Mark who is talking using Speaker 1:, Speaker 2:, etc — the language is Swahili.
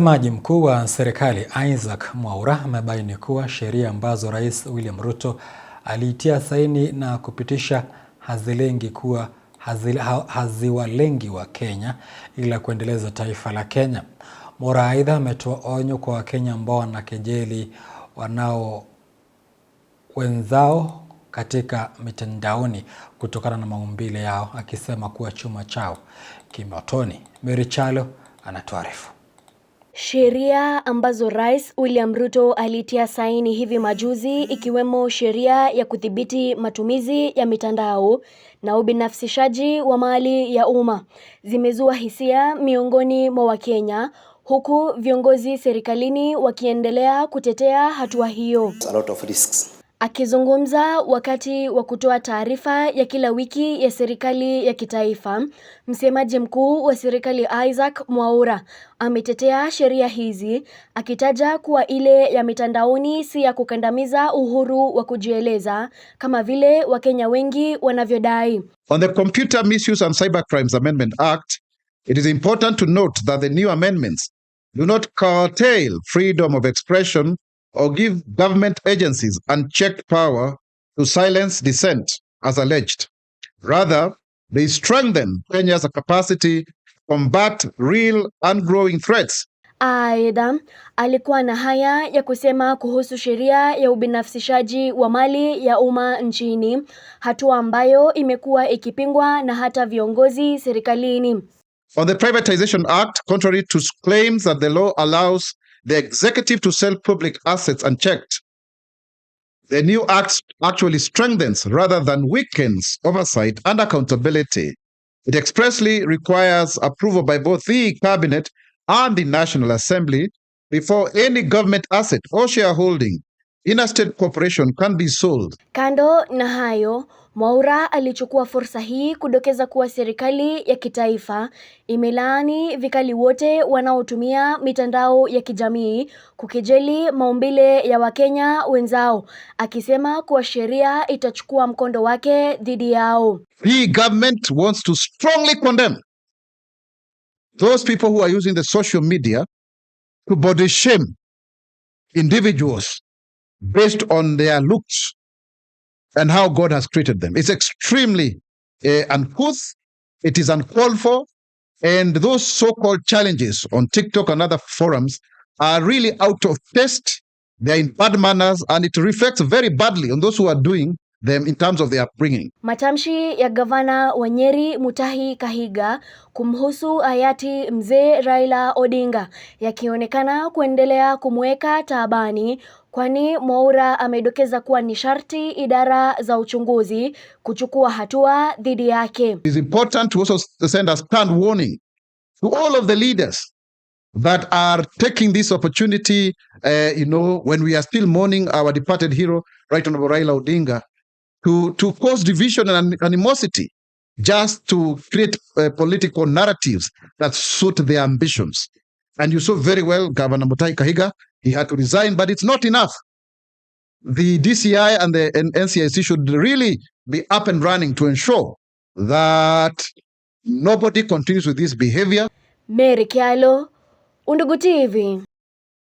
Speaker 1: Msemaji mkuu wa serikali Isaac Mwaura amebaini kuwa sheria ambazo Rais William Ruto aliitia saini na kupitisha hazilengi kuwa haziwalengi kenya ila kuendeleza taifa la Kenya. Mwaura aidha ametoa onyo kwa Wakenya ambao wanakejeli wanao wenzao katika mitandaoni kutokana na maumbile yao, akisema kuwa chuma chao kimotoni. Mary Kyalo anatuarifu.
Speaker 2: Sheria ambazo Rais William Ruto alitia saini hivi majuzi ikiwemo sheria ya kudhibiti matumizi ya mitandao na ubinafsishaji wa mali ya umma zimezua hisia miongoni mwa Wakenya huku viongozi serikalini wakiendelea kutetea hatua hiyo.
Speaker 3: A lot of risks.
Speaker 2: Akizungumza wakati wa kutoa taarifa ya kila wiki ya serikali ya kitaifa, msemaji mkuu wa serikali Isaac Mwaura ametetea sheria hizi akitaja kuwa ile ya mitandaoni si ya kukandamiza uhuru wa kujieleza kama vile Wakenya wengi wanavyodai.
Speaker 4: On the Computer Misuse and Cybercrimes Amendment Act, it is important to note that the new amendments do not curtail freedom of expression or give government agencies unchecked power to silence dissent, as alleged. Rather, they strengthen Kenya's capacity to combat real and growing threats.
Speaker 2: Aidha, alikuwa na haya ya kusema kuhusu sheria ya ubinafsishaji wa mali ya umma nchini, hatua ambayo imekuwa ikipingwa na hata viongozi serikalini.
Speaker 4: On the Privatization Act, contrary to claims that the law allows the executive to sell public assets unchecked. The new act actually strengthens rather than weakens oversight and accountability. It expressly requires approval by both the Cabinet and the National Assembly before any government asset or shareholding in a state corporation can be sold.
Speaker 2: Kando na hayo, Mwaura alichukua fursa hii kudokeza kuwa serikali ya kitaifa imelaani vikali wote wanaotumia mitandao ya kijamii kukejeli maumbile ya Wakenya wenzao, akisema kuwa sheria itachukua mkondo wake dhidi yao.
Speaker 4: The government wants to strongly condemn those people who are using the social media to body shame individuals based on their looks and how God has created them. It's extremely uh, uncouth, it is uncalled for, and those so called challenges on TikTok and other forums are really out of taste. They're in bad manners, and it reflects very badly on those who are doing them in terms of their upbringing.
Speaker 2: Matamshi ya gavana wa Nyeri Mutahi Kahiga kumhusu hayati mzee Raila Odinga yakionekana kuendelea kumweka taabani, kwani Mwaura amedokeza kuwa ni sharti idara za uchunguzi kuchukua hatua dhidi yake. It
Speaker 4: is important to also send a stern warning to all of the leaders that are taking this opportunity, uh, you know, when we are still mourning our departed hero, Right Honorable Raila Odinga to, to cause division and animosity just to create uh, political narratives that suit their ambitions. And you saw very well Governor Mutai Kahiga, he had to resign, but it's not enough. The DCI and the NCIC should really be up and running to ensure that nobody continues with this behavior.
Speaker 2: Mary Kialo, Undugu TV.